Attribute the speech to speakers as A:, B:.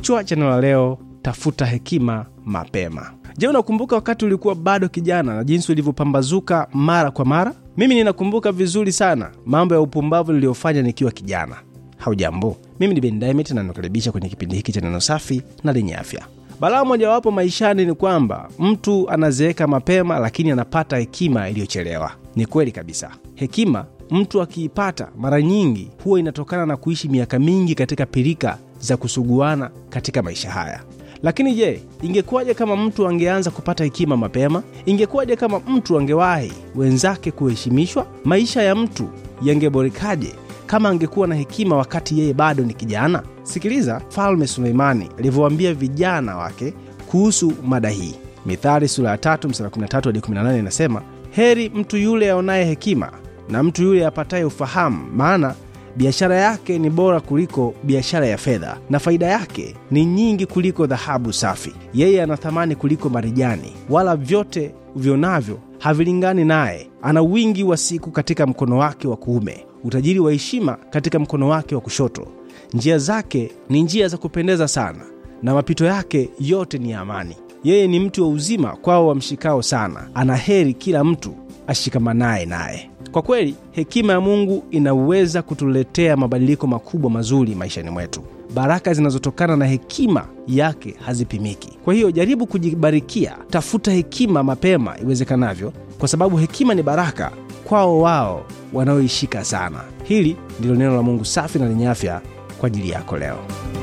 A: Kichwa cha neno la leo, tafuta hekima mapema. Je, unakumbuka wakati ulikuwa bado kijana na jinsi ulivyopambazuka mara kwa mara? Mimi ninakumbuka vizuri sana mambo ya upumbavu niliyofanya nikiwa kijana. Haujambo, mimi ni bendamit na nakaribisha kwenye kipindi hiki cha neno safi na lenye afya. Balaa mojawapo maishani ni kwamba mtu anazeeka mapema, lakini anapata hekima iliyochelewa. Ni kweli kabisa, hekima mtu akiipata mara nyingi huwa inatokana na kuishi miaka mingi katika pirika za kusuguana katika maisha haya. Lakini je, ingekuwaje kama mtu angeanza kupata hekima mapema? Ingekuwaje kama mtu angewahi wenzake kuheshimishwa? Maisha ya mtu yangeborekaje kama angekuwa na hekima wakati yeye bado ni kijana? Sikiliza falme Suleimani alivyowaambia vijana wake kuhusu mada hii. Mithali sura ya 3 mstari 13 hadi 18 inasema Heri mtu yule aonaye hekima na mtu yule apataye ufahamu, maana biashara yake ni bora kuliko biashara ya fedha, na faida yake ni nyingi kuliko dhahabu safi. Yeye ana thamani kuliko marijani, wala vyote vyonavyo havilingani naye. Ana wingi wa siku katika mkono wake wa kuume, utajiri wa heshima katika mkono wake wa kushoto. Njia zake ni njia za kupendeza sana, na mapito yake yote ni amani yeye ni mtu wa uzima kwao wamshikao sana, anaheri kila mtu ashikamanaye naye. Kwa kweli hekima ya Mungu inaweza kutuletea mabadiliko makubwa mazuri maishani mwetu. Baraka zinazotokana na hekima yake hazipimiki. Kwa hiyo jaribu kujibarikia, tafuta hekima mapema iwezekanavyo, kwa sababu hekima ni baraka kwao wao wanaoishika sana. Hili ndilo neno la Mungu safi na lenye afya kwa ajili yako leo.